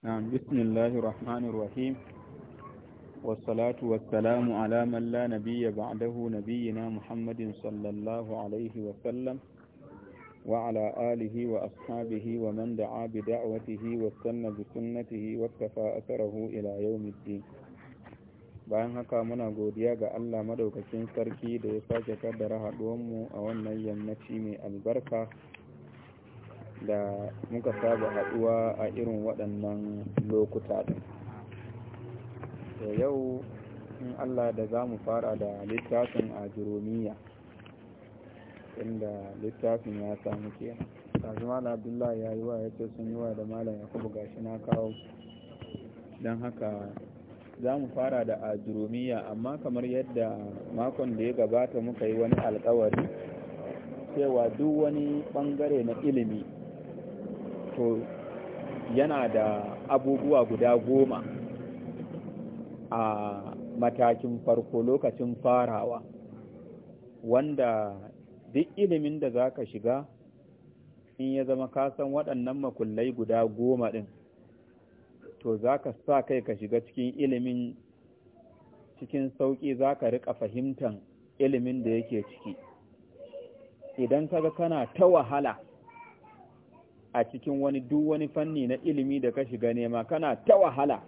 نعم بسم الله الرحمن الرحيم والصلاة والسلام على من لا نبي بعده نبينا محمد صلى الله عليه وسلم وعلى آله وأصحابه ومن دعا بدعوته واستنى بسنته واكتفى أثره إلى يوم الدين bayan haka muna godiya ga Allah madaukakin sarki da ya sake kaddara haɗuwanmu a wannan yammaci mai albarka da muka saba haɗuwa a irin waɗannan lokuta ɗin yau in allah da za mu fara da littafin a jiromiya inda littafin ya samu kenan kasu abdullahi ya yi wa ya ce sun yi wa da malam ya kuma gashi na kawo don haka za mu fara da ajurumiya amma kamar yadda makon da ya gabata muka yi wani alkawari cewa duk wani bangare na ilimi wato yana da abubuwa guda goma a matakin farko lokacin farawa wanda duk ilimin da za ka shiga in ya zama kasan waɗannan makullai guda goma ɗin to za ka sa kai ka shiga cikin ilimin cikin sauƙi za ka riƙa fahimtan ilimin da yake ciki idan ka ga kana ta wahala a cikin wani duk wani fanni na ilimi da ka shiga nema kana ta wahala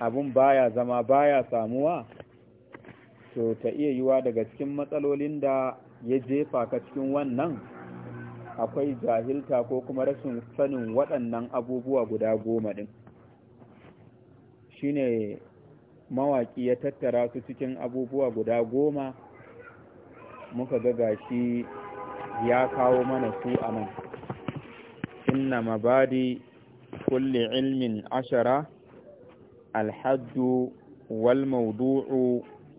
abun baya zama baya samuwa to ta iya yiwa daga cikin matsalolin da ya jefa ka cikin wannan akwai jahilta ko kuma rashin sanin waɗannan abubuwa guda goma ɗin shine mawaƙi ya tattara su cikin abubuwa guda goma muka ga gashi ya kawo mana su a nan إن مبادئ كل علم عشرة الحد والموضوع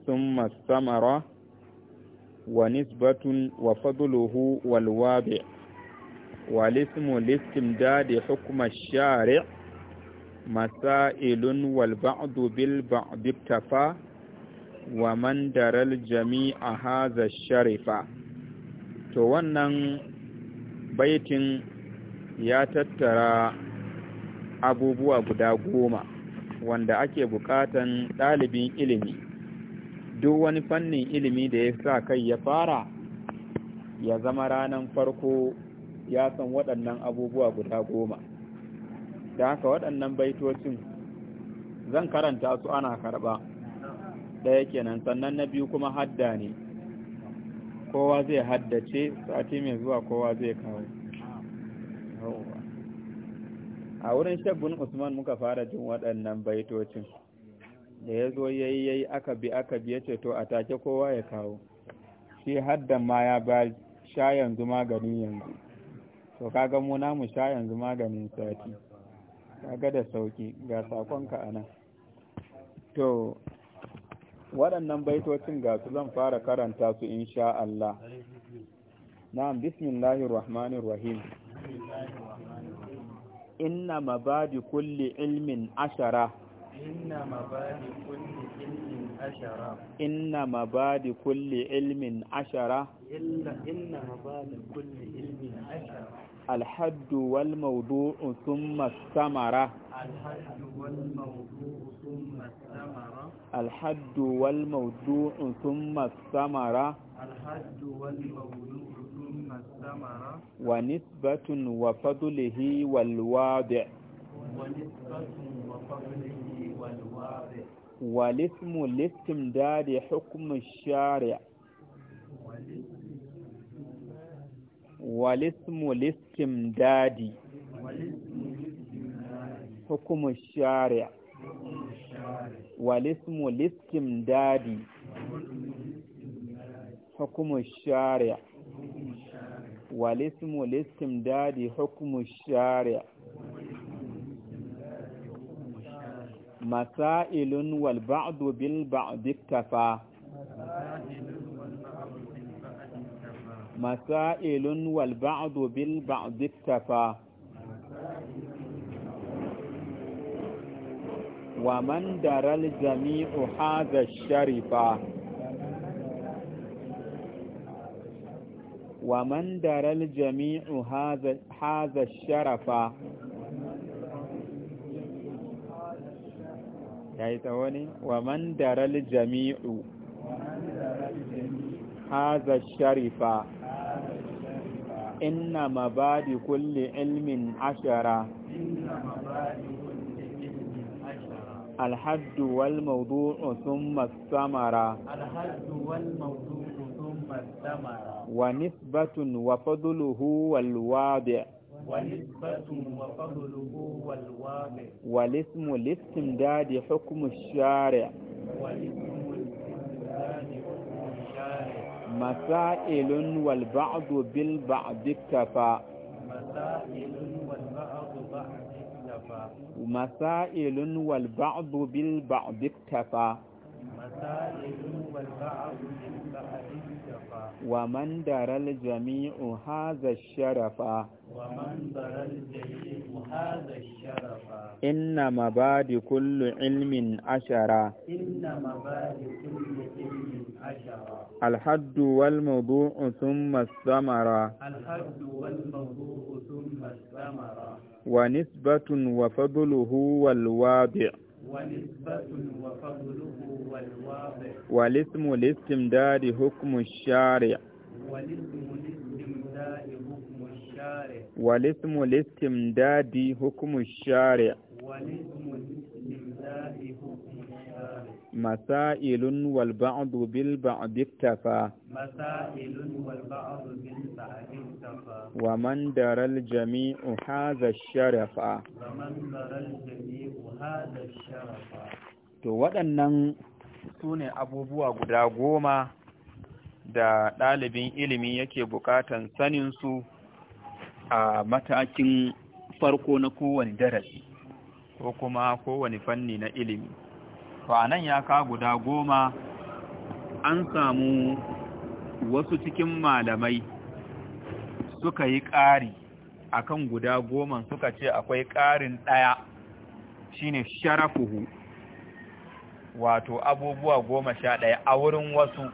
ثم الثمرة ونسبة وفضله والوابع والاسم لاستمداد حكم الشارع مسائل والبعض بالبعض اكتفى ومن در الجميع هذا الشرف تو wannan baitin ya tattara abubuwa guda goma wanda ake bukatan ɗalibin ilimi duk wani fannin ilimi da ya sa kai ya fara ya zama ranar farko ya san waɗannan abubuwa guda goma da haka waɗannan baitocin zan karanta su ana karɓa ɗaya kenan sannan na biyu kuma hadda ne kowa zai haddace sati mai zuwa kowa zai kawo a wurin shabbin usman muka fara jin waɗannan baitocin da ya zo yayi yayi aka bi aka bi ya ce to a take kowa ya kawo shi haddan ma ya ba sha yanzu maganin yanzu to kaga mu sha yanzu maganin sati kaga da sauki ga sakonka nan. to waɗannan baitocin ga su zan fara karanta su insha Allah na'am bismillahir rahmanir rahim inna mabadi kulli ilmin ashara inna mabadi kulli ilmin ashara inna mabadi kulli ilmin ashara inna mabadi kulli ilmin ashara الحد والموضوع ثم الثمرة الحد والموضوع ثم الثمرة الحد والموضوع ثم الثمرة الحد والموضوع ونسبة وفضله والواضع والاسم لاستمداد حكم الشارع والاسم لاستمداد حكم الشارع والاسم لاستمداد حكم الشارع والاسم الاستمداد حكم الشارع مسائل والبعض بالبعض اكتفى مسائل والبعض بالبعض اكتفى ومن درى الجميع هذا الشرفا ومن دار الجميع هذا هذا الشرف يعني ومن دار الجميع هذا الشرف إن مبادئ كل علم عشرة الحد والموضوع ثم الثمرة الحد والموضوع ونسبة وفضله والواضع ونسبة وفضله والواضع والاسم الاستمداد حكم الشارع والاسم الاستمداد حكم الشارع مسائل والبعض بالبعض كفى مسائل والبعض بعض اكتفى مسائل والبعض بالبعض اكتفى مسائل والبعض بالبعض اكتفى ومن دار الجميع هذا الشرف ومن دار الجميع هذا الشرف إن مباد كل علم عشرة إن مباد كل علم عشرة الحد والموضوع ثم الثمرة الحد والموضوع ثم الثمرة ونسبة وفضله والواضع والاسم الاستمداد حكم الشارع والاسم الاستمداد حكم الشارع والاسم حكم الشارع مسائل والبعض بالبعض اكتفى مسائل والبعض بالبعض اكتفى ومن درى الجميع هذا الشرف ومن درى الجميع to waɗannan su ne abubuwa guda goma da ɗalibin ilimi yake buƙatan saninsu a matakin farko na kowane darasi ko kuma kowane fanni na ilimi nan ya ka guda goma an samu wasu cikin malamai suka yi ƙari akan guda goma suka ce akwai ƙarin ɗaya shine sharafuhu wato abubuwa goma sha ɗaya a wurin wasu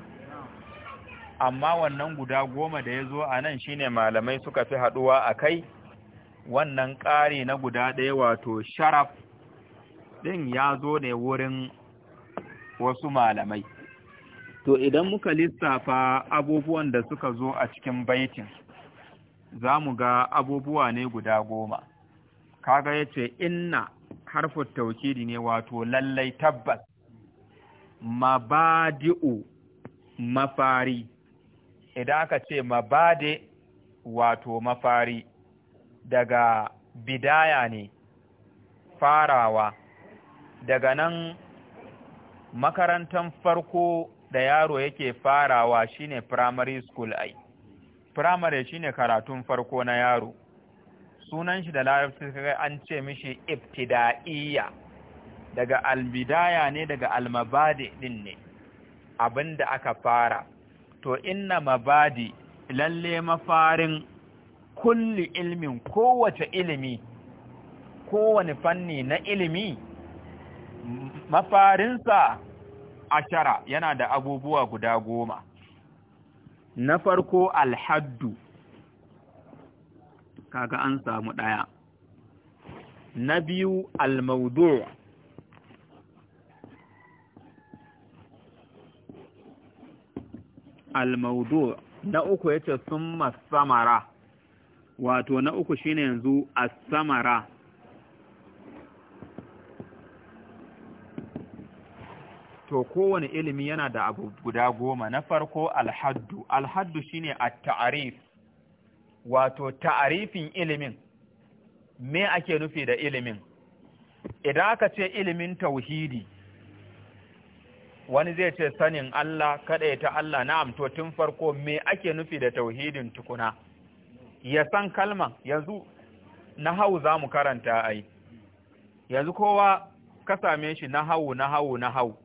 amma wannan guda goma da ya zo a nan shine malamai suka fi haɗuwa a kai wannan ƙari na guda ɗaya wato sharaf ɗin ya zo ne wurin wasu malamai to idan muka lissafa abubuwan da suka zo a cikin baitin za mu ga abubuwa ne guda goma kaga ya ce inna harfin tauhidi ne wato lallai tabbas mabadi'u mafari idan aka ce mabade wato mafari daga bidaya ne farawa daga nan makarantar farko da yaro yake farawa shine primary school ai primary shine karatun farko na yaro sunan shi da larabci kai an ce mishi ibtida'iyya daga albidaya ne daga almabadi din ne abinda aka fara to inna mabadi lalle mafarin kulli ilmin kowace ilimi kowane fanni na ilimi mafarinsa ashara yana da abubuwa guda goma na farko alhaddu kaga an samu ɗaya na biyu almaudu almaudu na uku ya ce samara wato na uku shine yanzu a samara to kowane ilimi yana da abu guda goma na farko alhaddu alhaddu shine a tarif wato ta'arifin ilimin me ake nufi da ilimin idan aka ce ilimin tauhidi wani zai ce sanin Allah kaɗai ta Allah na to tun farko me ake nufi da tauhidin tukuna ya san kalman yanzu na hau za mu karanta ai yanzu kowa ka same shi na hau na hau na hau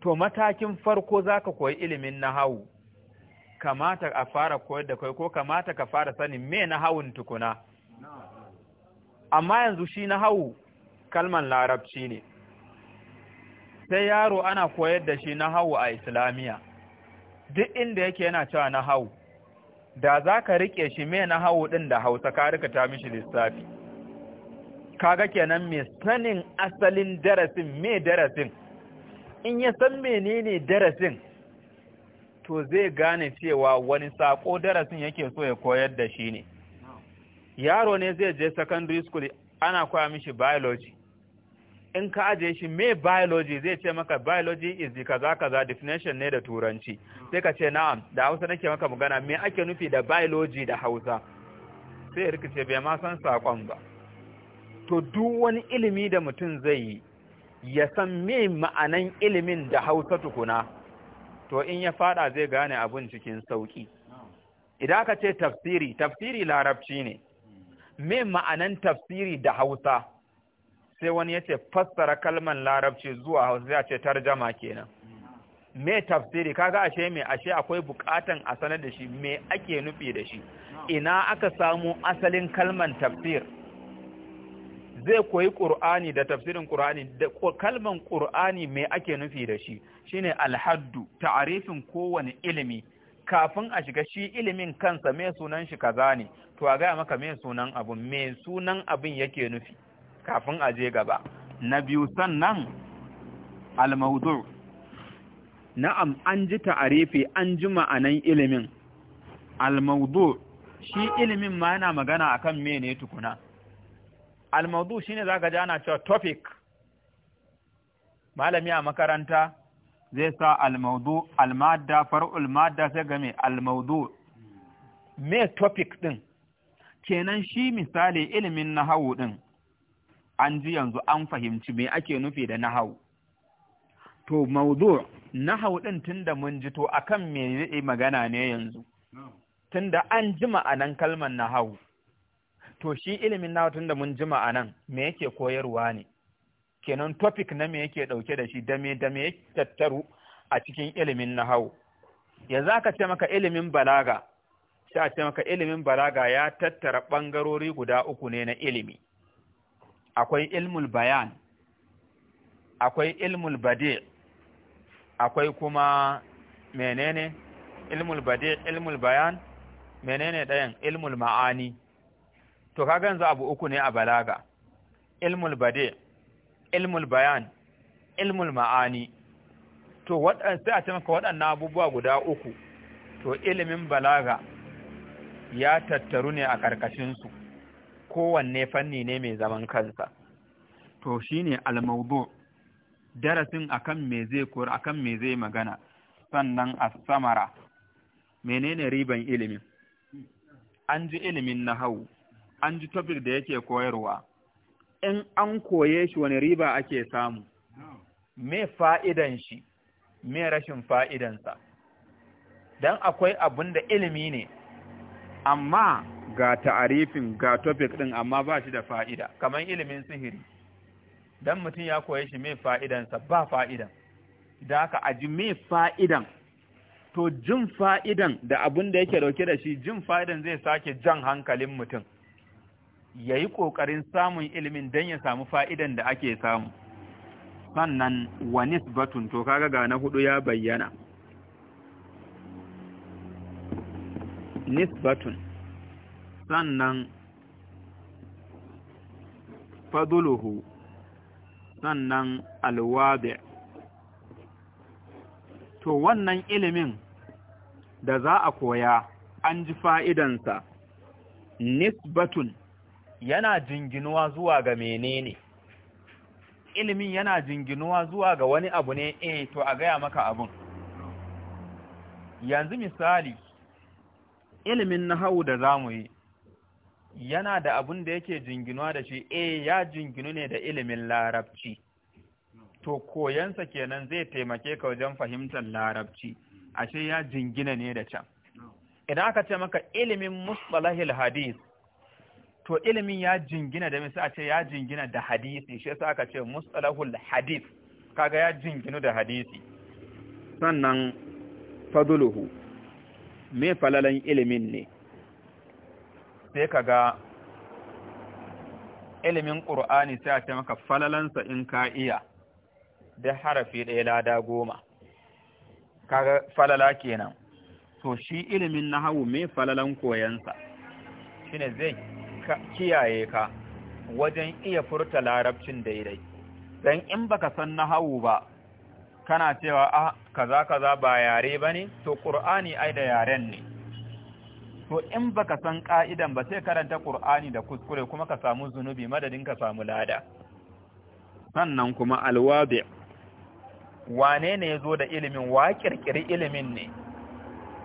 to matakin farko zaka koyi ilimin na hau kamata a fara koyar da kai ko kamata ka fara sanin me na hawun tukuna amma yanzu shi na hawu kalman larabci ne sai yaro ana koyar da shi na hawu a Islamiya. duk inda yake yana cewa na hawu da za ka rike shi me na hawu ɗin da hausa ka rika ta mishi lissafi kaga kenan mai sanin asalin darasin me darasin in ya san menene darasin to zai gane cewa wani sako darasin yake so ya koyar da shi ne yaro ne zai je secondary school ana koya mishi biology in ka aje shi me biology zai ce maka biology is the kaza kaza definition ne da turanci sai ka ce na'am da hausa nake maka magana me ake nufi da biology da hausa sai rikice bai ma san sakon ba to duk wani ilimi da mutum zai yi ya san me ma'anan ilimin da hausa tukuna to in ya fada zai gane abun cikin sauki idan aka ce tafsiri tafsiri larabci ne me ma'anan tafsiri da hausa sai wani ya ce fassara kalman larabci zuwa hausa ya ce tarjama kenan me tafsiri kaga ashe me ashe akwai bukatan a sanar da shi me ake nufi da shi ina aka samu asalin kalman tafsir zai koyi qur'ani da tafsirin qur'ani da kalman qur'ani me ake nufi da shi shine alhaddu ta'arifin kowane ilimi kafin a shiga shi ilimin kansa me sunan shi kaza ne to a gaya maka me sunan abun me sunan abin yake nufi kafin a je gaba na biyu sannan almawdu na'am an ji ta'arifi an ji ma'anan ilimin almawdu shi ilimin ma yana magana akan mene tukuna almawdu shine zaka ji ana cewa topic malami a makaranta zai sa almaudu almada far'ul madda sai game almaudu me topic din kenan shi misali ilimin nahawu din an ji yanzu an fahimci me ake nufi da nahawu to maudu nahawu din tunda mun ji to akan me magana ne yanzu tunda an ji ma'anan kalmar nahawu to shi ilimin nahawu tunda mun ji ma'anan me yake koyarwa ne kenan topic na me yake dauke da shi da me da me tattaru a cikin ilimin nahawu yanzu aka ce maka ilimin balaga sai a ce maka ilimin balaga ya tattara bangarori guda uku ne na ilimi akwai ilmul bayan akwai ilmul badi akwai kuma menene ilmul badi ilmul bayan menene ɗayan ilmul ma'ani to kaga yanzu abu uku ne a balaga ilmul badi ilmul bayan ilmul ma'ani to sai a ce maka waɗannan abubuwa guda uku to ilimin balaga ya tattaru ne a ƙarƙashinsu kowanne fanni ne mai zaman kansa to shine almaudu darasin akan me zai kor akan me zai magana sannan a samara menene riban ilimin an ji ilimin nahawu an ji topic da yake koyarwa in an koye shi wani riba ake samu me fa'idan shi me rashin fa'idansa don akwai abin da ilimi ne amma ga ta'arifin ga topic ɗin amma ba shi da fa'ida kamar ilimin sihiri don mutum ya koye shi me fa'idansa ba fa'idan da haka aji me fa'idan to jin fa'idan da abin da yake dauke da shi jin fa'idan zai sake jan hankalin mutum ya yi ƙoƙarin samun ilimin don ya samu fa'idan da ake samu sannan wa Batun to kaga ga na hudu ya bayyana nisbatun sannan faduluhu sannan alwabe to wannan ilimin da za a koya an ji fa'idansa nisbatun yana jinginuwa zuwa ga menene ilimin yana jinginuwa zuwa ga wani abu ne eh to a gaya maka abun yanzu misali ilimin nahawu da zamu yi yana da abun da yake jinginuwa da shi eh ya jinginu ne da ilimin larabci to koyansa kenan zai taimake ka wajen fahimtar larabci ashe ya jingina ne da can idan aka ce maka ilimin mustalahil hadith to ilimin ya jingina da misa a ce ya jingina da hadisi shi yasa aka ce mustalahul hadith kaga ya jinginu da hadisi sannan faduluhu me falalan ilimin ne sai kaga ilimin qur'ani sai a ce maka falalansa in ka iya da harafi ɗaya lada goma kaga falala kenan to shi ilimin nahawu me falalan koyansa shine zai kiyaye ka wajen iya furta larabcin daidai Dan in baka san nahawu ba kana cewa a ah, kaza kaza ba yare bane to qur'ani ai da yaren ne to in baka san ka'idan ba sai karanta qur'ani da kuskure kuma ka samu zunubi madadin ka samu lada sannan kuma alwabi wane ne yazo da ilimin wa kirkiri ilimin ne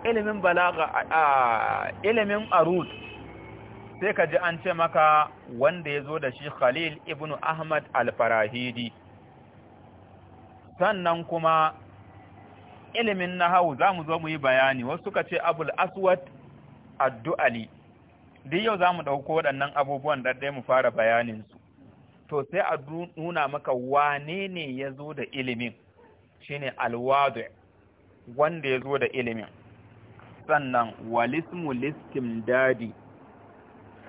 ilimin balaga a ilimin Arut. sai ka ji an ce maka wanda ya zo da shi Khalil ibn Ahmad al-Farahidi sannan kuma ilimin nahawu za mu zo mu yi bayani wasu suka ce abul aswad addu'ali duk yau za mu ɗauko waɗannan abubuwan dai mu fara bayaninsu to sai a nuna maka wane ne ya zo da ilimin shine alwadu wanda ya zo da ilimin sannan walismu listim dadi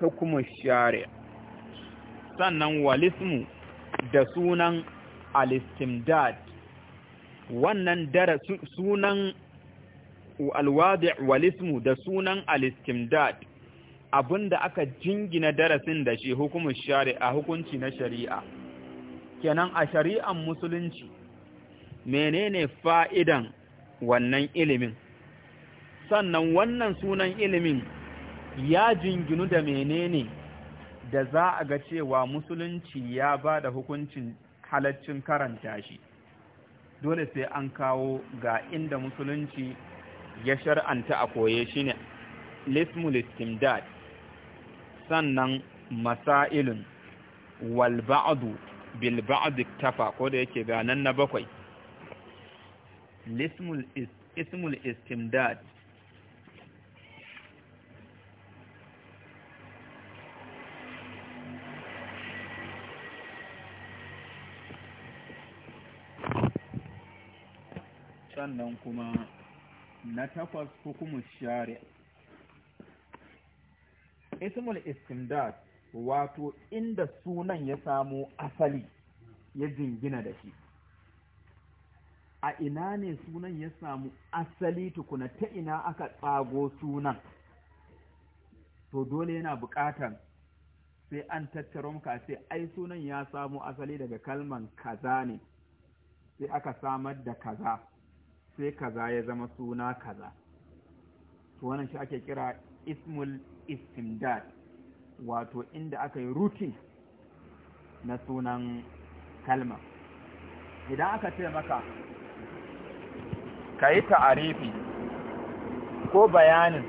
hukumun shari'a sannan walismu da sunan alistimdad wannan dara sunan alwadi walismu da sunan alistimdad abinda aka jingina darasin da shi hukumin shari'a hukunci na shari'a kenan a shari'an musulunci menene fa'idan wannan ilimin sannan wannan sunan ilimin ya jinginu da menene da za a ga cewa musulunci ya ba da hukuncin halaccin karanta shi dole sai an kawo ga inda musulunci ya shar'anta a koye shi ne lismul sannan masailun walba'adu bilba'adu tafa ko da yake ga na bakwai lismul is sannan kuma na takwas hukumin share ismul istimdad wato inda sunan ya samo asali ya jingina da shi a ina ne sunan ya samu asali tukuna ta ina aka tsago sunan to dole yana buƙatar sai an tattaro muka sai ai sunan ya samu asali daga kalman kaza ne sai aka samar da kaza sai kaza ya zama suna kaza to wannan shi ake kira ismul istimdad wato inda aka yi rutin na sunan kalma idan aka ce maka ka yi ta'arifi ko bayanin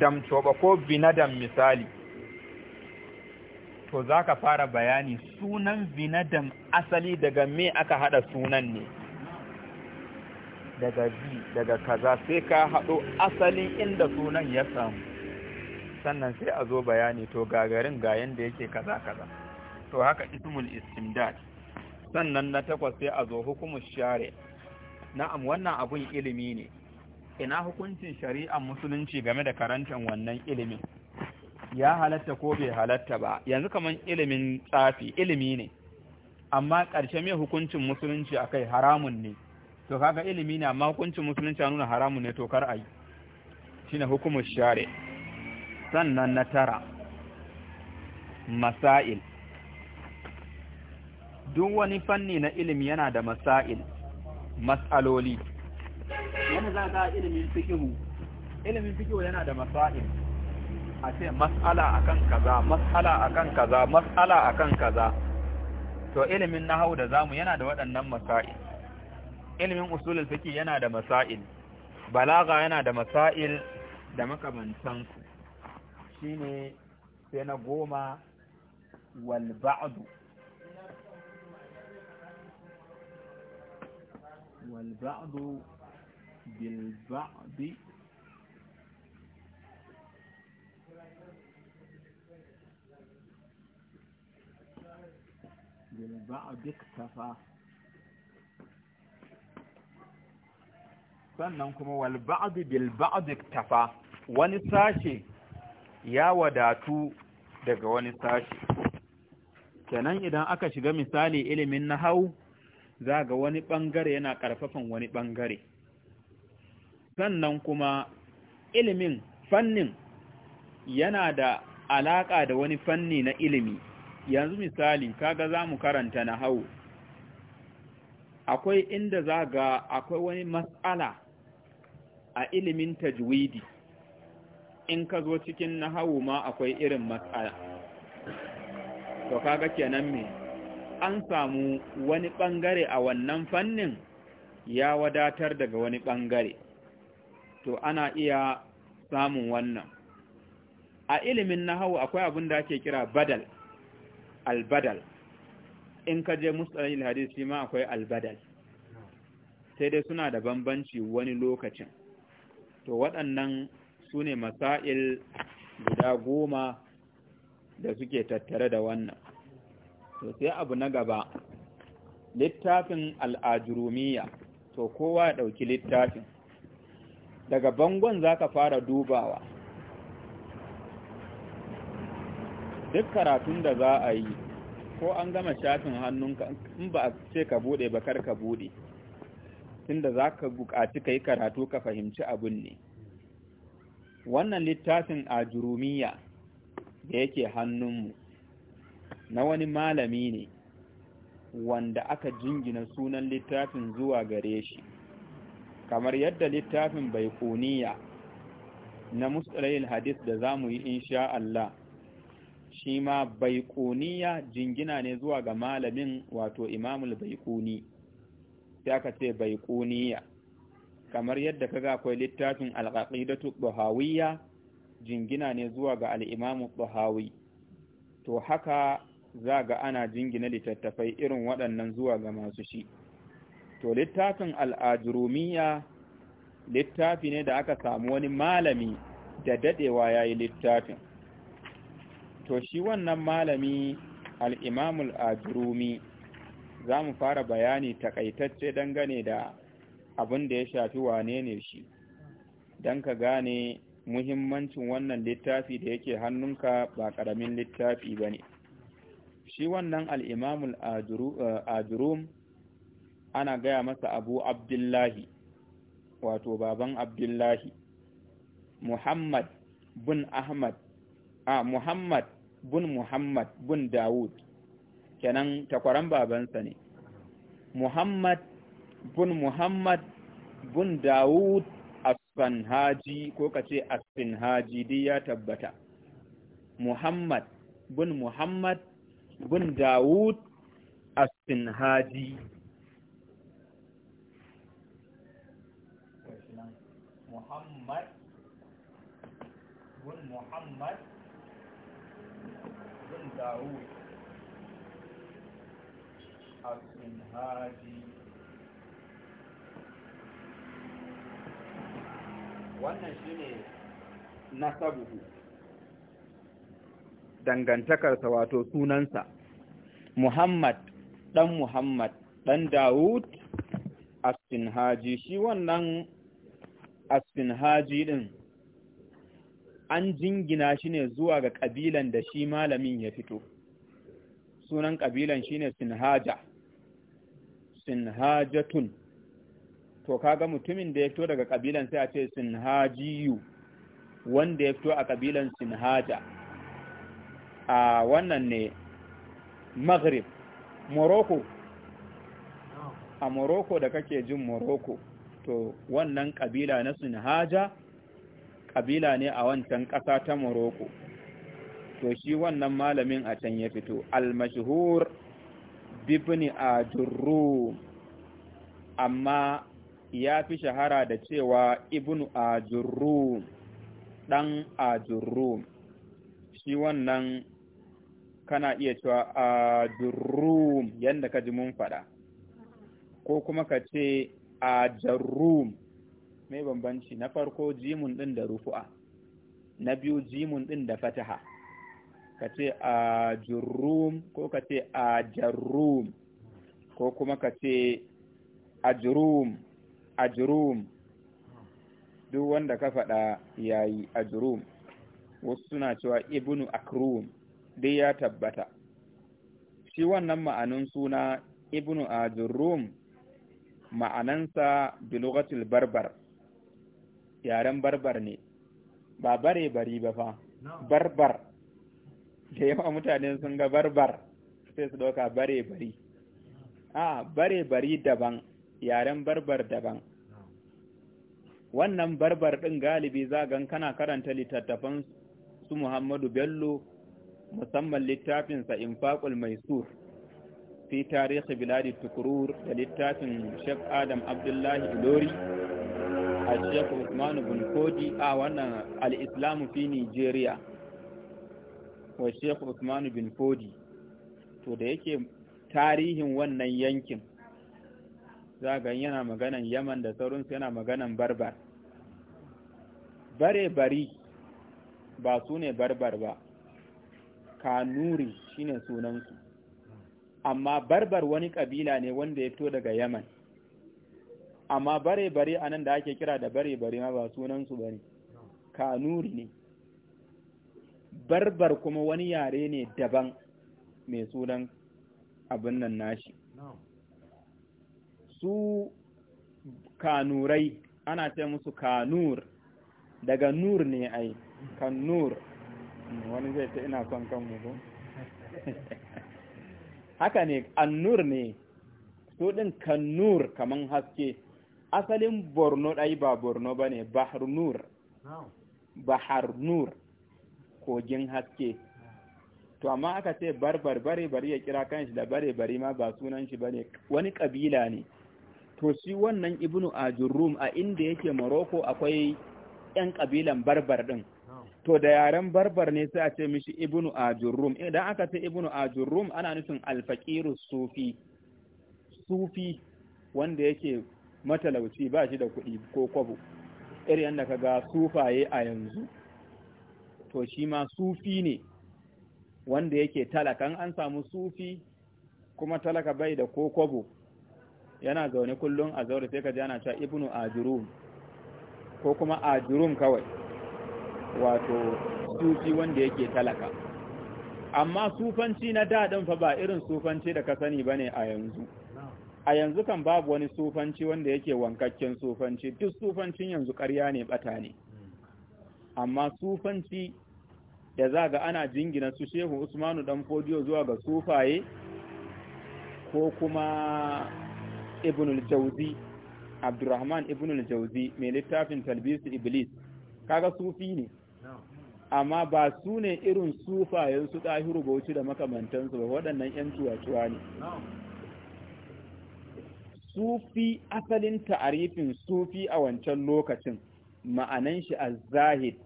damcoba ko binadam misali to za ka fara bayani sunan binadam asali daga me aka hada sunan ne daga B, daga kaza sai ka haɗo asalin inda sunan ya samu sannan sai a zo bayani to gagarin ga yanda yake kaza kaza to haka ismul istimdad sannan na takwas sai a zo hukumus share na'am wannan abun ilimi ne ina hukuncin shari'ar musulunci game da karantar wannan ilimin ya halatta ko bai halatta ba yanzu kaman ilimin tsafi ilimi ne amma ƙarshe mai hukuncin musulunci akai haramun ne to kaga ilimi na ma hukuncin musulunci a nuna haramun ne to kar a yi na hukumar share sannan na tara masail duk wani fanni na ilimi yana da masail mas'aloli yana za ga ilimin fikihu ilimin fikihu yana da masail a ce mas'ala akan kaza mas'ala akan kaza mas'ala akan kaza to ilimin na hau da zamu yana da waɗannan masail ilimin usulul fiqh yana da masail balaga yana da masail da makamantan su shine sai na goma wal ba'd wal ba'd bil ba'd bil ba'd sannan kuma wal ba'd bil ba'd wani sashe ya wadatu daga wani sashe kenan idan aka shiga misali ilimin nahau za ga wani bangare yana ƙarfafan wani bangare sannan kuma ilimin fannin yana da alaƙa da wani fanni na ilimi yanzu misali kaga za mu karanta nahau akwai inda za ga akwai wani matsala a ilimin tajwidi in ka zo cikin nahawu ma akwai irin matsala to kaga kenan me an samu wani bangare a wannan fannin ya wadatar daga wani bangare to ana iya samun wannan a ilimin nahawu akwai abin da ake kira badal albadal in ka je musulun hadisi ma akwai albadal sai dai suna da bambanci wani lokacin to waɗannan su ne masail guda goma da suke tattare da wannan to sai abu na gaba littafin al'ajurumiya to kowa ya ɗauki littafin daga bangon za ka fara dubawa duk karatun da za a yi ko an gama shafin hannunka in ba a ce ka buɗe ba kar ka buɗe tunda za ka buƙaci ka yi karatu ka fahimci abin ne wannan littafin a jurumiya da yake hannunmu na wani malami ne wanda aka jingina sunan littafin zuwa gare shi kamar yadda littafin baikuniya na musulayin hadis da za mu yi insha Allah shi ma baikuniya jingina ne zuwa ga malamin wato imamul baikuni sai aka ce bai kuniya kamar yadda kaga akwai littafin al-aqidatu jingina ne zuwa ga al-imam tuhawi to haka za ga ana jingina littattafai irin waɗannan zuwa ga masu shi to littafin al-ajrumiyya littafi ne da aka samu wani malami da dadewa yayi littafin to shi wannan malami al-imam al-ajrumi za mu fara bayani takaitacce dangane da abin da ya shafi wane ne shi don ka gane muhimmancin wannan littafi da yake hannunka ba ƙaramin littafi ba ne shi wannan al'imamul ajurum ana gaya masa abu abdullahi wato baban abdullahi muhammad bin ahmad a muhammad bin muhammad bin dawud kenan takwaran babansa ne muhammad bin muhammad bin dawud asfan haji ko ce asfin haji dai ya tabbata muhammad bin muhammad bin dawud asfin haji muhammad bin muhammad bin dawud حق هادي wannan shine nasabuhu dangantakarsa wato sunansa Muhammad dan Muhammad dan Dawud As-Sinhaji shi wannan As-Sinhaji din an jingina shi ne zuwa ga kabilan da shi malamin ya fito sunan kabilan shine Sinhaja sinhajatun to kaga mutumin da ya fito daga kabilan sai a ce sinhajiyu wanda ya fito a kabilan sinhaja a wannan ne maghrib morocco a morocco da kake jin morocco to wannan kabila na sinhaja kabila ne a wancan ƙasa ta morocco to shi wannan malamin a can ya fito al-mashhur bibni a amma ya fi shahara da cewa ibnu a jurrum ɗan a shi wannan kana iya cewa a yanda yadda ka ji mun faɗa ko kuma ka ce a mai bambanci na farko jimun ɗin da rufu'a na biyu jimun ɗin da fataha ka ce a jurum ko ka ce a jarum ko kuma ka ce a jurum a jurum duk wanda ka faɗa yayi a jurum wasu suna cewa ibnu akrum dai ya tabbata shi wannan ma'anin suna ibnu ajurum ma'anansa bilogatul barbar yaren barbar ne ba bare bari ba fa barbar da yawa mutane sun ga barbar sai su ɗauka bare bari a bare bari daban yaren barbar daban wannan barbar ɗin galibi za gan kana karanta littattafan su muhammadu bello musamman littafinsa mai maisur fi tarihi biladi tukurur da littafin shek adam abdullahi ilori a shek usmanu bin a wannan al'islamu fi nigeria wa Sheikh Usman bin Fodi to da yake tarihin wannan yankin zaga yana maganan Yaman da sauransu yana maganan Barbar bare bari ba su ne Barbar ba Kanuri shine sunansu amma Barbar wani kabila ne wanda ya fito daga Yaman amma bare bari anan da ake kira da bare bari ma ba sunansu bane Kanuri ne barbar kuma wani yare ne daban mai sunan abin nan nashi su kanurai ana ce musu kanur daga nur ne ai kan nur wani zai ce ina son kanmu ko haka ne Nur ne su ɗin kan nur kaman haske asalin borno ɗai ba borno ba ne bahar nur bahar nur kogin haske to amma aka ce bar bare bari ya kira kan shi da bare bari ma ba sunan shi ba ne wani kabila ne to shi wannan ibnu ajurum a inda yake Morocco akwai yan kabilan barbar ɗin to da yaren barbar ne sai a ce mishi ibnu ajurum idan aka ce ibnu ajurum ana nufin alfaƙiru sufi sufi wanda yake matalauci ba shi da kuɗi ko kwabo irin ka ga sufaye a yanzu to shi ma sufi ne wanda yake talakan an samu sufi kuma talaka bai da ko kwabo yana zaune kullum a zaure sai ka ji ana cewa ibnu ajrum ko kuma ajrum kawai wato sufi wanda yake talaka amma sufanci na daɗin fa ba irin sufanci da ka sani bane a yanzu a yanzu kan babu wani sufanci wanda yake wankakken sufanci duk sufancin yanzu ƙarya ne ɓata ne amma sufanci da za ga ana jingina su shehu usmanu dan fodiyo zuwa ga sufaye ko kuma ibnul jawzi abdurrahman ibnul jawzi mai littafin talbisu iblis kaga sufi ne amma ba su ne irin sufayen su ɗahiru bauchi da makamantansu ba waɗannan 'yan tuwa-tuwa ne sufi asalin ta'arifin sufi a wancan lokacin ma'anan shi a zahid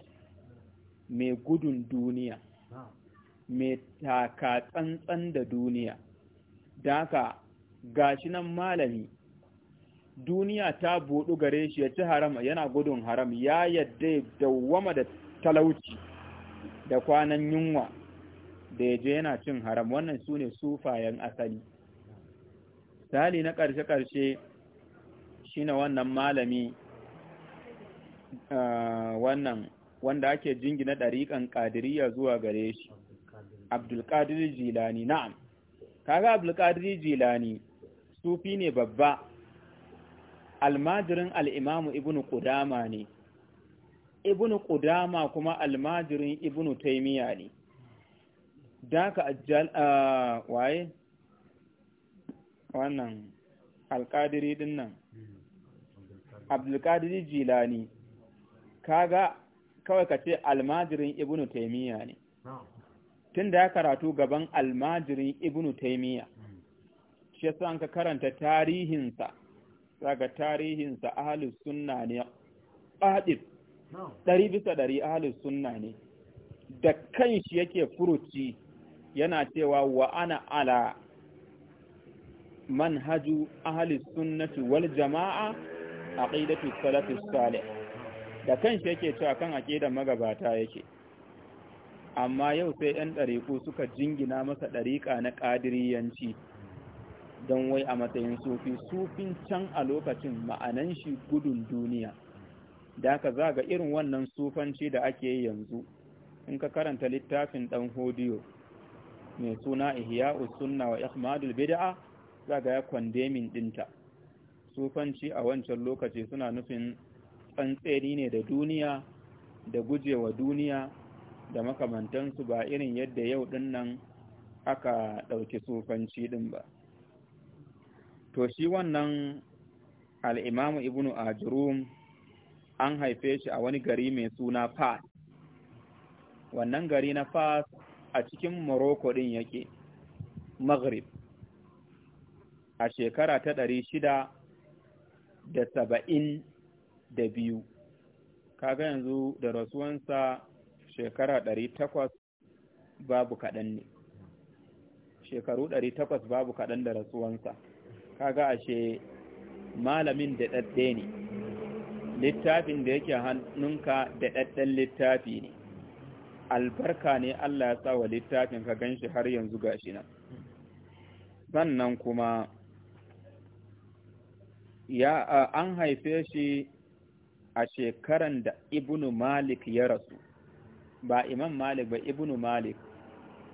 mai gudun duniya mai taka tsantsan da duniya da haka gashi nan malami duniya ta buɗu gare shi ya ci haram yana gudun haram ya yadda dawwama da talauci da kwanan yunwa da ya je yana cin haram wannan su ne sufayen asali sali na ƙarshe-ƙarshe shi na wannan malami ah, wannan wanda ake jingina ɗariƙan ƙadiriya zuwa gare shi abdulkadir jilani na'am kaga abdulkadir jilani sufi ne babba almajirin al'imamu ibnu ƙudama ne ibnu ƙudama kuma almajirin ibnu taimiyya ne daga ajal a waye wannan alƙadiri ɗin nan Abdulkadir jilani kaga kawai ka ce almajirin ibnu taimiyya ne tun da ya karatu gaban almajirin ibnu taimiyya hmm. shi yasa an ka karanta tarihinsa daga tarihinsa ahalus sunna ne ɓaɗin ɗari bisa ɗari ahalus sunna ne da kan shi yake furuci yana cewa wa ana ala manhaju ahalus sunnati wal jama'a ƙaidatu salafis salih da kan shi yake cewa kan aƙidan magabata yake amma yau sai 'yan ɗariku suka jingina masa ɗariƙa na ƙadiriyanci don wai a matsayin sufi sufin can a lokacin ma'anan shi gudun duniya da aka zaga irin wannan sufanci da ake yi yanzu in ka karanta littafin ɗan hodiyo mai suna ihya'u usunna wa ihmadul bida'a zaga ya kwandemin ɗinta sufanci a wancan lokaci suna nufin tsantseni ne da duniya da gujewa duniya da makamantansu ba irin yadda yau din nan aka ɗauki sufanci din ba to shi wannan al'imamu ibnu ajirum an haife shi a wani gari mai suna fas wannan gari na fas a cikin morocco din yake maghrib a shekara ta ɗari shida da saba'in da biyu kaga yanzu da rasuwansa shekara ɗari takwas babu kaɗan ne shekaru ɗari takwas babu kaɗan da rasuwansa kaga ashe malamin da ɗaɗɗe ne littafin da yake hannunka da ɗaɗɗen littafi ne albarka ne Allah ya sa wa littafin ka ganshi har yanzu gashi nan sannan kuma ya an haife shi a shekaran da ibnu malik ya rasu ba imam malik ba ibnu malik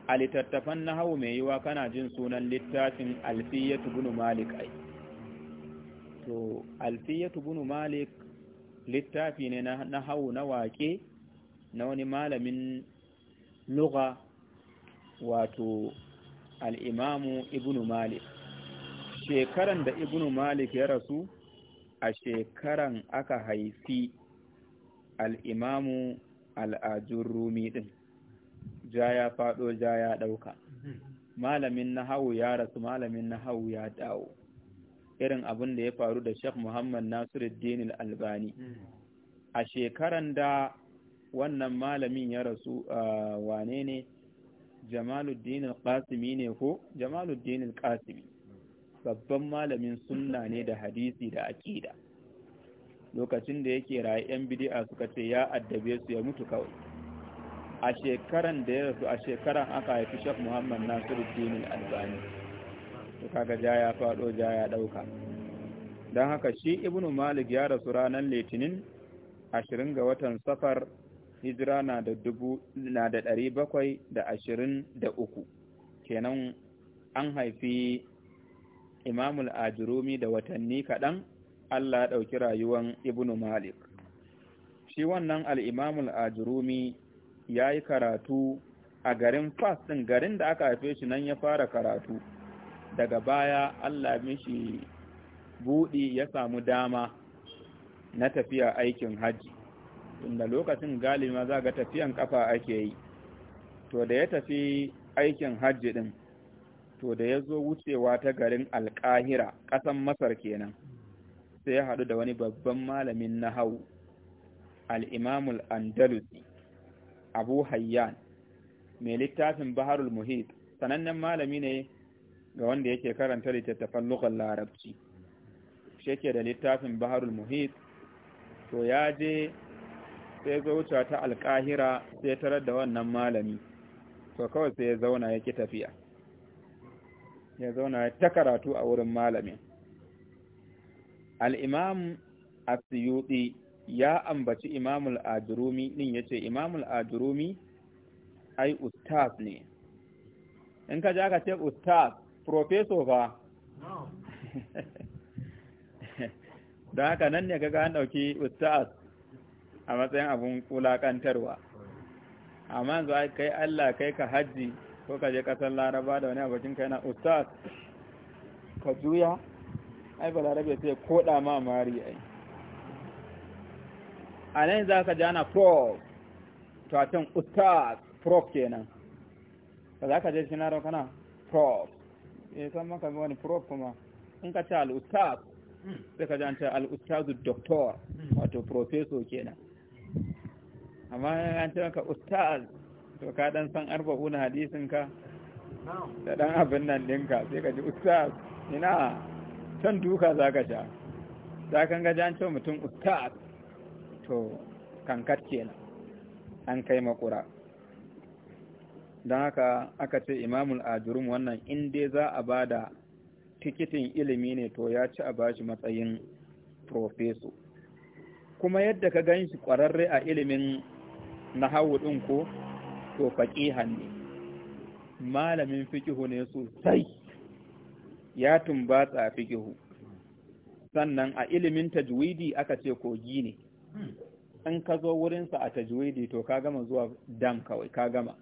a littattafan na hau mai yiwa kana jin sunan littafin alfiya tubunu malik ai to alfiya tubunu malik littafi ne na hau na wake na wani malamin lugha wato al'imamu ibnu malik shekaran da ibnu malik ya rasu a shekaran aka haifi al'imamu al'ajun rumi ɗin ja ya faɗo ja ya ɗauka malamin na hau ya rasu malamin na hau ya dawo irin abin da ya faru da Sheikh Muhammad Nasiruddin albani a shekaran da wannan malamin ya rasu wane ne Jamaluddin qasimi ne ko Jamaluddin Al-Qasimi babban malamin sunna ne da hadisi da aƙida lokacin da yake raye 'yan bidi'a suka ce ya addabe su ya mutu kawai a shekaran da ya rasu a shekaran aka haifi shek muhammad nasiru jimin albani to kaga ja ya faɗo ja ya ɗauka don haka shi ibnu malik ya rasu ranar litinin ashirin ga watan safar hijira na da dubu na da ɗari bakwai da ashirin da uku kenan an haifi imamul ajirumi da watanni kaɗan Allah ya ɗauki rayuwan ibnu malik shi wannan al'imamul ajirumi ya yi karatu a garin fas ɗin garin da aka haife shi nan ya fara karatu daga baya Allah mishi buɗi ya samu dama na tafiya aikin hajji tunda lokacin galima za ga tafiyan ƙafa ake yi to da ya tafi aikin hajji ɗin to da ya zo wucewa ta garin alƙahira ƙasan masar kenan sai ya haɗu da wani babban malamin na hau, al'imamul andalusi abu hayyan mai littafin baharul muhit sanannen malami ne ga wanda yake karanta littattafan lokal larabci shi da littafin baharul muhit to ya je sai zo wucewa ta alƙahira sai tarar da wannan malami to kawai sai ya zauna ya ki tafiya ya zauna ta karatu a wurin malamin al'imam asiyuti ya ambaci imamul Adurumi, ɗin ya ce imamul Adurumi ai ustaz ne in ka ja ka ce ustaz profeso ba Da haka nan ne kaga an ɗauki ustaz a matsayin abun wulaƙantarwa amma zuwa kai Allah kai ka hajji ko ka je kasar laraba da wani abokin ka yana ustaz ka juya ai ba larabe sai koda ma mari ai a nan za ka jana prof to a can ustaz prof kenan ba za ka je shi na kana prof ya san maka wani prof kuma in ka ce al'ustaz sai ka ji an ce al'ustazu doctor hmm. wato professor kenan amma an ce maka ustaz to ka dan san arba'una hadisin ka da dan abin nan dinka sai ka ji ustaz ina can duka za ka sha za kan ga jan cewa mutum ustaz to kankat kenan an kai makura don haka aka ce imamul ajurum wannan dai za a ba da tikitin ilimi ne to ya ci a ba shi matsayin profeso kuma yadda ka gan shi ƙwararre a ilimin nahawu ɗin ko to faƙihan ne malamin fiƙihu ne sosai ya tumbatsa fiƙihu sannan a ilimin tajwidi aka ce kogi ne in ka zo wurinsa a tajwidi to ka gama zuwa dam kawai ka gama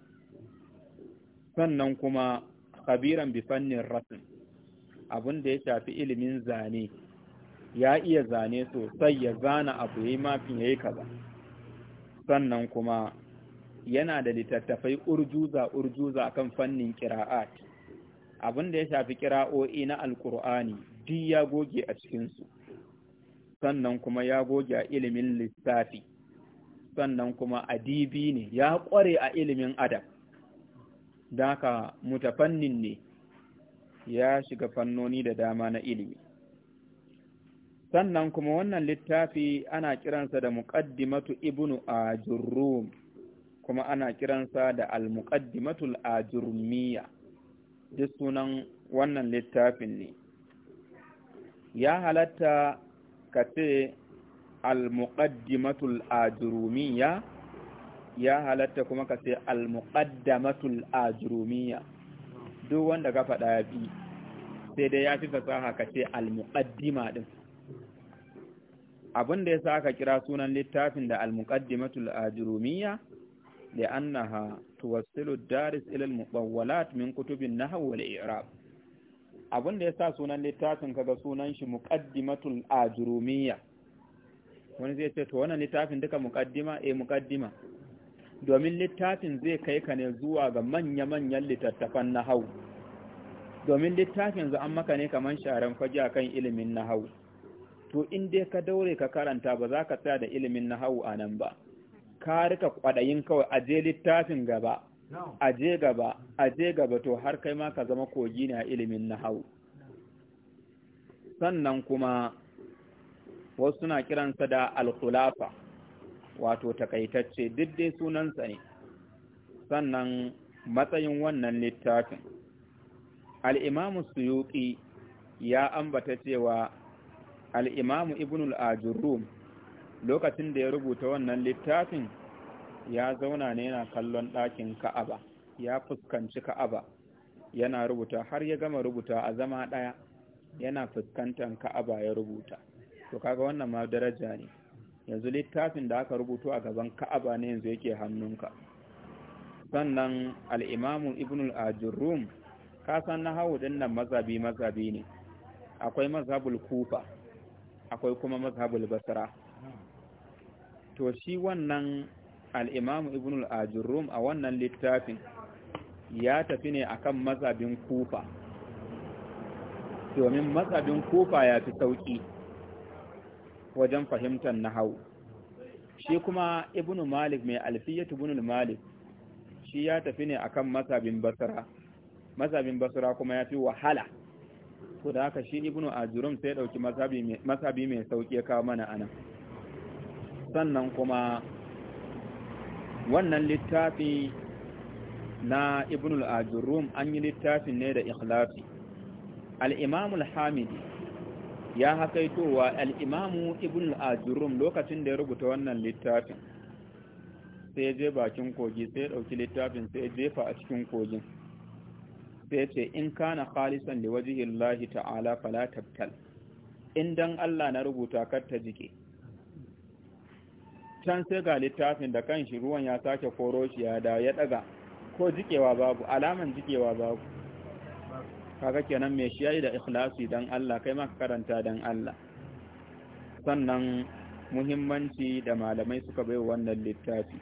sannan kuma khabiran bi fannin abin da ya shafi ilimin zane ya iya zane sosai ya zana abu ya yi mafi ya yi kaza sannan kuma yana da littattafai urjuza urjuza kan fannin qira'at abin da ya shafi qira'o'i na alqur'ani duk ya goge a cikin sannan kuma ya goge a ilimin lissafi sannan kuma adibi ne ya kware a ilimin adab daka mutafannin ne ya shiga fannoni da dama na ilimi sannan kuma wannan littafi ana kiransa da muqaddimatu ibnu ajurrum kuma ana kiransa da al-muqaddimatul ajurmiya duk sunan wannan littafin ne ya halatta ka ce al-muqaddimatul ajurmiya ya halatta kuma ka ce al-muqaddamatul ajurmiya duk wanda ka faɗa ya bi sai dai ya fi fasaha ka ce al-muqaddima din abin da ya sa ka kira sunan littafin da al-muqaddimatul ajurmiya لأنها توصل الدارس إلى المطولات من كتب النحو والإعراب abin da ya sa sunan littafin kaga sunan shi muqaddimatul ajrumiyya wani zai ce to wannan littafin duka muqaddima eh muqaddima domin littafin zai kai ka ne zuwa ga manya-manyan littattafan nahau domin littafin za an maka ne kaman sharan a kan ilimin nahau to in dai ka daure ka karanta ba za ka tsaya da ilimin nahau a nan ba ka rika kwaɗayin kawai a je littafin gaba a je gaba a je gaba to har kai ma ka zama kogi ne a ilimin hau sannan kuma wasu suna kiransa da alkulafa wato takaitacce duk dai sunansa ne sannan matsayin wannan littafin al'imamu suyuki ya ambata cewa al'imamu ibn al'ajurum lokacin da ya rubuta wannan littafin ya zauna ne yana kallon ɗakin ka'aba ya fuskanci ka'aba yana rubuta har ya gama rubuta a zama ɗaya yana fuskantar ka'aba ya rubuta to kaga wannan ma daraja ne yanzu littafin da aka rubuto a gaban ka'aba ne yanzu yake hannunka sannan al'imamu ibn Ka san na hau dinnan mazabi mazabi ne akwai mazhabul kufa akwai kuma mazhabul basra to shi wannan al'imamu ibn al’ajirrum a wannan littafin ya tafi ne a kan matsabin kufa domin matsabin kufa ya fi sauƙi wajen fahimtar na hau. shi kuma ibn malik mai alfiyatu ibn malik shi ya tafi ne a kan matsabin basra matsabin basara kuma ya fi wahala to da haka shi ibn ajirum sai ya ɗauki mazabi mai sauƙi ya kawo mana anan sannan kuma wannan littafi na ibn al-ajurum an yi littafin ne da ikhlasi al-imam hamidi ya hakaitowa al-imam ibn al-ajurum lokacin da ya rubuta wannan littafin sai je bakin kogi sai ya dauki littafin sai jefa a cikin kogin sai ce in kana khalisan liwajhillahi ta'ala fala tabtal in don Allah na rubuta kar ta jike can sai ga littafin da kan shi ruwan ya sake koro shi ya da ya daga ko jikewa babu alaman jikewa babu kaga kenan mai shi yayi da ikhlasi dan Allah kai ma karanta dan Allah sannan muhimmanci da malamai suka bai wannan littafi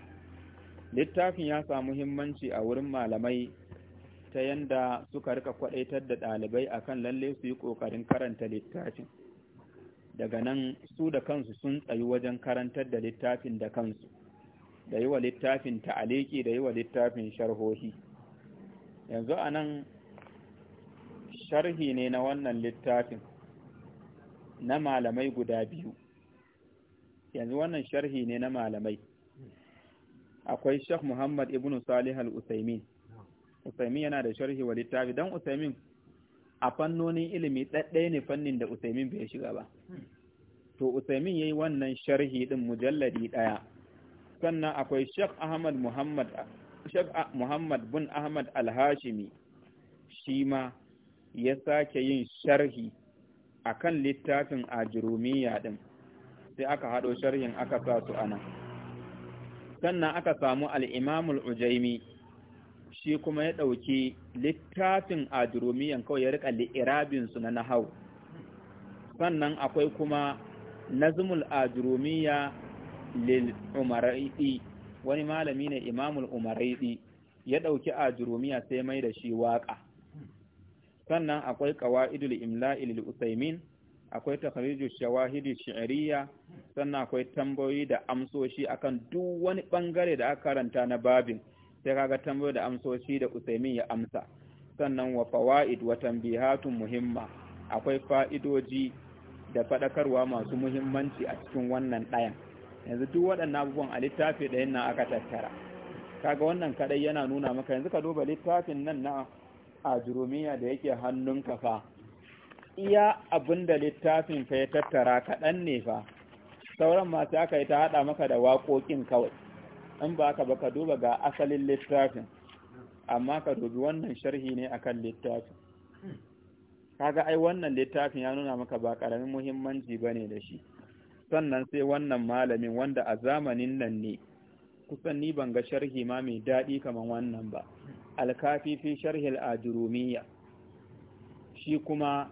littafin ya sa muhimmanci a wurin malamai ta yanda suka rika kwadaitar da ɗalibai akan lalle su yi ƙoƙarin karanta littafin daga nan su da kansu sun tsayi wajen karantar da littafin da kansu da yi wa littafin ta'aliki da yi wa littafin sharhohi yanzu a nan sharhi ne na wannan littafin na malamai guda biyu yanzu wannan sharhi ne na malamai akwai Sheikh Muhammad ibn Salih al-Usaimin Usaimin yana da sharhi wa littafi don Usaimin a fannonin ilimi ɗaɗɗaya ne fannin da Usaimin bai shiga ba to Usaimin yayi wannan sharhi din mujalladi ɗaya. sannan akwai Sheikh Ahmad Muhammad Sheikh Muhammad bin Ahmad Al-Hashimi shi ma ya sake yin sharhi akan littafin Ajrumiya din sai aka haɗo sharhin aka sa su ana sannan aka samu al-Imam ujaimi shi kuma ya ɗauki littafin Ajrumiyan kawai ya riƙa li'irabinsu na nahau sannan akwai kuma nazmul ajrumiya lil umaraidi wani malami ne imamul umaraidi ya dauki ajrumiya sai mai da shi waka sannan akwai qawaidul imla'i lil usaymin akwai takhriju shawahidi shi'riya sannan akwai tambayoyi da amsoshi akan duk wani bangare da aka karanta na babin sai kaga tambayoyi da amsoshi da usaymin ya amsa sannan wa fawaid wa tanbihatun muhimma akwai fa'idoji da faɗakarwa masu muhimmanci a cikin wannan ɗayan yanzu duk waɗannan abubuwan a littafi ɗayan nan aka tattara kaga wannan kaɗai yana nuna maka yanzu ka duba littafin nan na jurumiya da yake hannun ka fa iya abinda littafin fa ya tattara kaɗan ne fa sauran masu aka yi ta haɗa maka da waƙoƙin kawai in ba ka ba ka duba ga asalin littafin amma ka dubi wannan sharhi ne akan littafin kaga ai wannan littafin ya nuna maka ba karamin muhimmanci bane da shi sannan sai wannan malamin wanda a zamanin nan ne kusan ni ban ga sharhi ma mai daɗi kamar wannan ba alkafi fi sharhil ajurumiyya shi kuma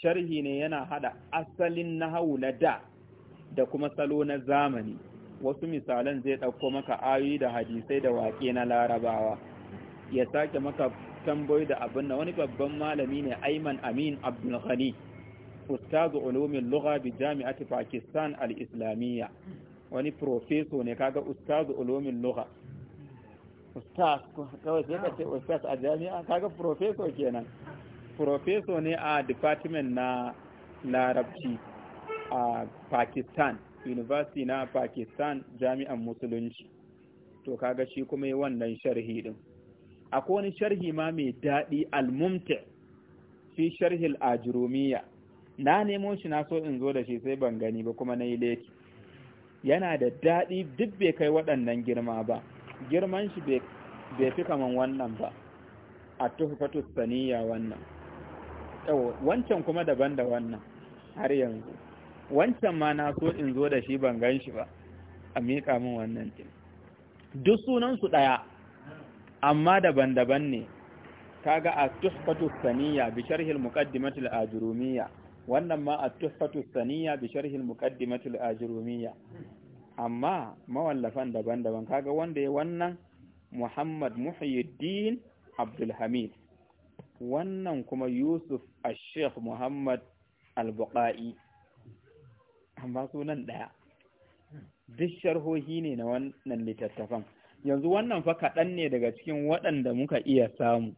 sharhi ne yana hada asalin nahawu na da da kuma salo na zamani wasu misalan zai ɗauko maka ayoyi da hadisai da waƙe na larabawa ya sake maka tamboyi da abin da wani babban malami ne Ayman Amin Abdul Ghani ustazu ulumin lugha bi jami'ati Pakistan al-Islamiyya wani professor ne kaga ustazu ulumin lugha ustaz kawai sai ka ce ustaz a jami'a kaga professor kenan professor ne a department na larabci a Pakistan University na Pakistan jami'an musulunci to kaga shi kuma yi wannan sharhi din akwai wani sharhi ma mai daɗi al-mumti fi sharhil ajrumiya na nemo shi na so in zo da shi sai ban gani ba kuma na yi leki yana da daɗi duk bai kai waɗannan girma ba girman shi bai fi kaman wannan ba a tuhfatus saniya wannan wancan kuma daban da wannan har yanzu wancan ma na so in zo da shi ban gan shi ba a miƙa min wannan din duk sunansu ɗaya amma daban-daban ne kaga at-tuhfatu saniya bi sharhi al-muqaddimati al-ajrumiyya wannan ma at-tuhfatu saniya bi sharhi al-muqaddimati al-ajrumiyya amma mawallafan daban-daban kaga wanda ya wannan Muhammad Muhyiddin Abdul Hamid wannan kuma Yusuf al sheikh Muhammad Al-Buqai amma sunan daya duk sharhohi ne na wannan littattafan yanzu wannan fa kaɗan ne daga cikin waɗanda muka iya samu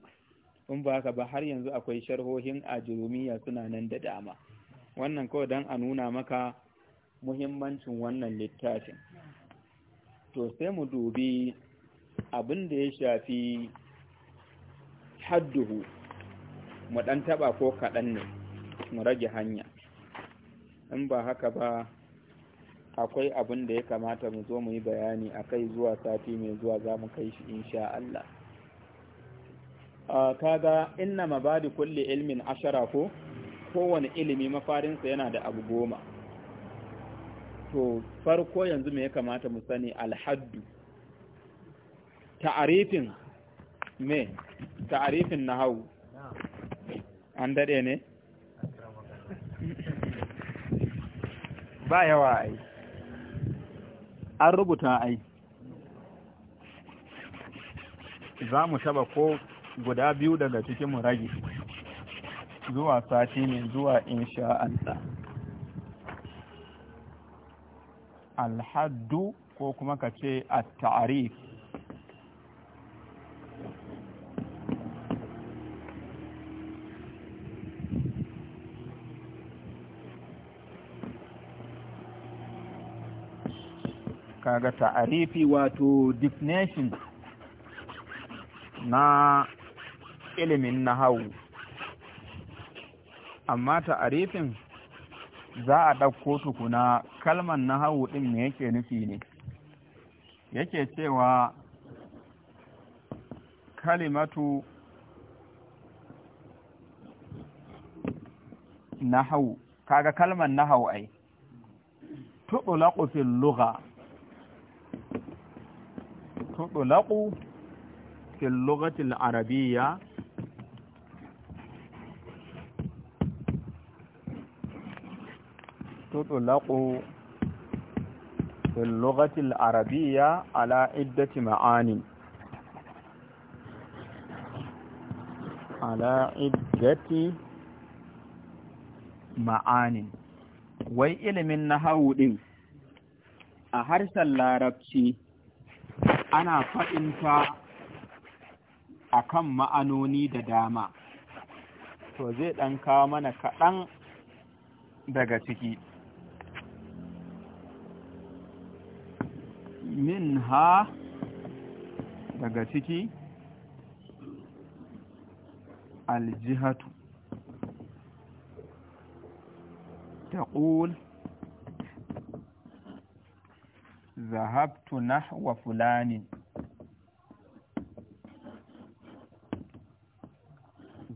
in ba haka ba har yanzu akwai sharhohin ajirumiya suna nan da dama wannan kawai don a nuna maka muhimmancin wannan littafin to sai mu dubi abin da ya shafi hadduhu mu ɗan taɓa ko kaɗan ne mu rage hanya in ba haka ba akwai abin da ya kamata mu zo mu yi bayani a kai zuwa sati mai zuwa za mu kai shi insha Allah ah, kaga inna mabadi kulle ilmin ashara ko kowane ilimi mafarinsa yana da abu goma to farko yanzu me ya kamata mu sani alhaddu ta'arifin me ta'arifin nahwu an dade ne ba yawa ai an rubuta ai za mu taba ko guda biyu daga cikin mu rage zuwa sati ne zuwa insha'anta. alhaddu ko kuma ka ce a tarif kaga ta'arifi wato definition na ilimin nahawu amma ta'arifin za a ɗauko tukuna kalman nahawu ɗin me yake nufi ne yake cewa kalimatu nahawu kaga kalman nahawu ai tuɗulaƙu laƙufin lugha تطلق في اللغة العربية تطلق في اللغة العربية على عدة معاني على عدة معاني wai من nahawu دي a الله ربشي ana faɗinta a kan ma'anoni da dama to zai ɗan kawo mana kaɗan daga ciki min ha daga ciki aljihatu ta taƙul zahabtu nahwa fulani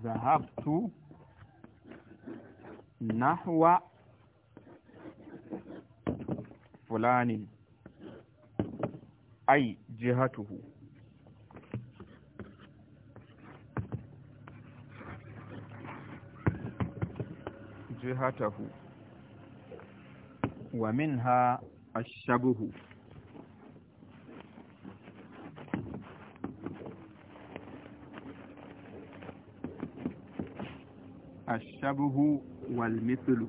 zahabtu nahwa ai jihatuhu jihatahu wa minha ashabuhu الشبه والمثل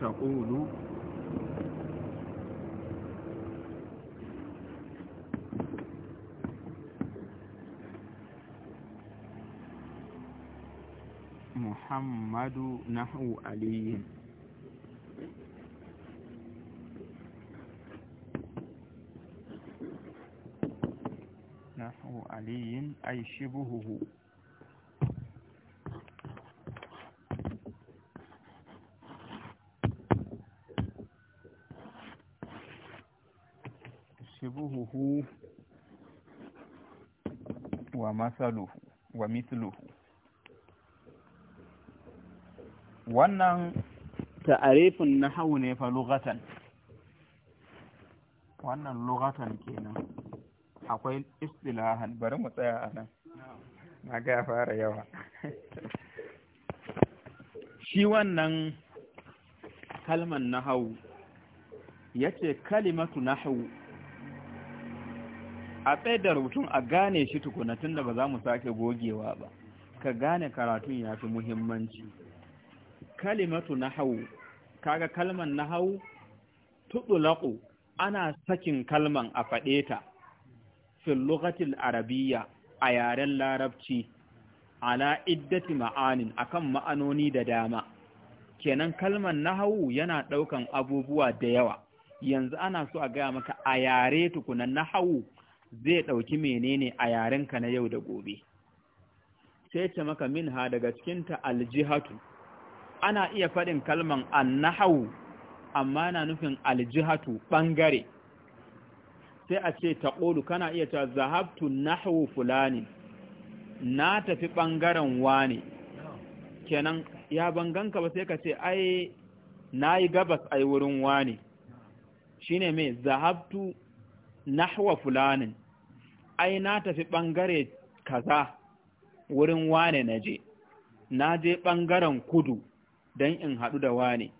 تقول محمد نحو علي علي أي شبهه شبهه ومثله ومثله wannan ta'arifin nahawu ne fa lugatan wannan lugatan kenan akwai istilahan bari mu tsaya a nan na ga fara yawa shi wannan kalman nahau ya ce kalimatu nahau a tsaye rubutun a gane shi tukunatun da ba za mu sake gogewa ba ka gane karatun ya fi muhimmanci kalimatu nahau kaga kalman nahau tudulaku ana sakin kalman a faɗe fil lughatil Arabiya a yaren larabci ala iddati ma'anin akan ma'anoni da dama kenan kalmar nahawu yana ɗaukan abubuwa da yawa yanzu ana so a gaya maka a yare tukuna nahawu zai ɗauki menene a yarenka na yau da gobe sai ce maka minha daga cikinta aljihatu ana iya faɗin kalman nahawu amma na nufin aljihatu ɓangare sai a ce ta taqulu kana iya ta zahabtu nahwu fulani na tafi ɓangaren wani. kenan ya banganka ba sai ka ce ai yi gabas ai wurin Shi shine mai zahabtu nahwa fulanin ai na tafi ɓangare kaza wurin wane Na je ɓangaren kudu don in haɗu da wane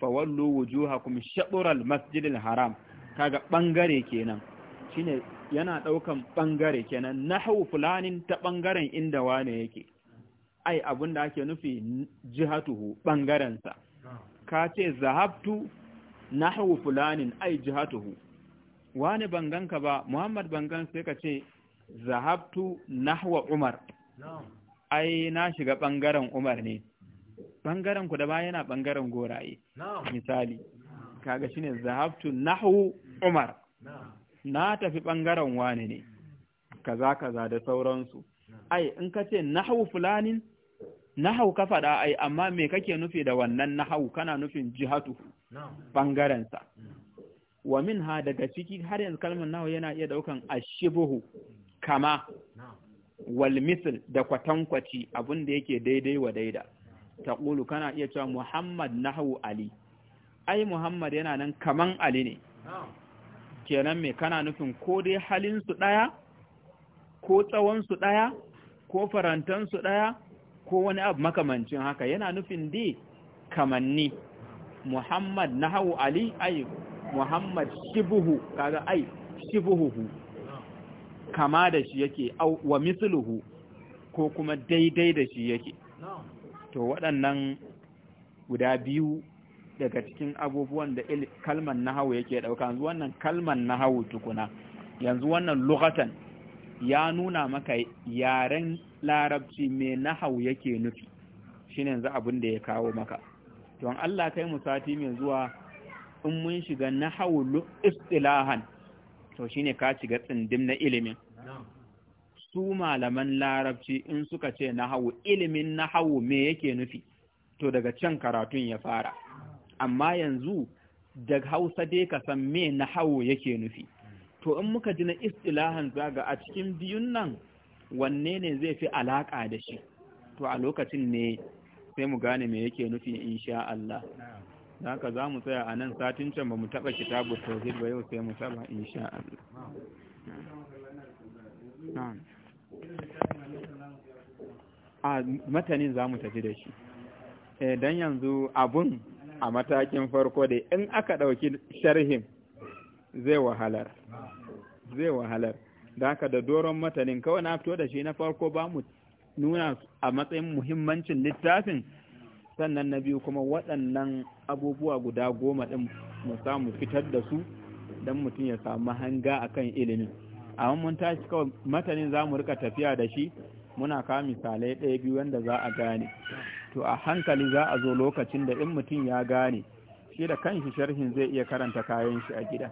fawallu wujuhakum shaɗurar masjidil haram kaga bangare kenan shine yana daukan bangare kenan nahwu fulanin ta bangaren inda wane yake ai da ake nufi jihatuhu bangaren sa ka ce zahabtu nahwu fulanin ai jihatuhu wani ka ba muhammad bangan sai ka ce zahabtu nahwa umar ai na shiga bangaren umar ne bangaren ku da ba yana bangaren goraye misali kaga shine zahabtu nahwu Umar na tafi ɓangaren wani ne kaza kaza da sauransu ai in ka ce na hau fulanin hau ka faɗa ai amma me kake nufi da wannan na hau? kana nufin jihatu ɓangarensa mm. wa min ha daga ciki har yanzu kalmar hau yana iya ɗaukan ashibuhu kama wal da kwatankwaci abin da yake daidai wa daida taqulu kana iya cewa muhammad hau ali ai muhammad yana nan kaman ali ne kenan me kana nufin ko dai halinsu ɗaya ko tsawonsu ɗaya ko farantansu ɗaya ko wani abu makamancin haka yana nufin dai kamanni muhammad nahawu ali ay muhammad shibuhu kaga ay shibuhu kama da shi yake wa misluhu ko kuma daidai da shi yake to waɗannan guda biyu daga cikin abubuwan da kalman nahawu yake ɗauka, yanzu wannan kalman nahawu tukuna yanzu wannan lughatan ya nuna maka yaren larabci me nahawu yake nufi shine yanzu abin da ya kawo maka to Allah kai mu sati mai zuwa in mun shiga nahawu istilahan to shine ka shiga tsindim na ilimin su malaman larabci in suka ce nahawu ilimin nahawu me yake nufi to daga can karatun ya fara amma yanzu da hausa dai ka san me na hawo yake nufi to in muka ji na istilahan zaga a cikin biyun nan wanne ne zai fi alaƙa da shi to a lokacin ne sai mu gane me yake nufi insha Allah da haka za mu tsaya a nan satin can ba mu taɓa kitabu tauhid ba yau sai mu taɓa insha Allah a matanin za mu tafi da shi eh, don yanzu abun a matakin farko dai in aka ɗauki sharhin zai wahalar zai wahalar da haka da doron matanin kawai na fito da shi na farko ba mu nuna a matsayin muhimmancin littafin sannan na biyu kuma waɗannan abubuwa guda goma ɗin mu samu fitar da su don mutum ya samu hanga a kan ilimin amma mun tashi kawai matanin za mu rika tafiya da shi muna kawo misalai ɗaya biyu wanda za a gane to a hankali za a zo lokacin da in mutum ya gane shi da kanshi sharhin zai iya karanta kayan shi a gida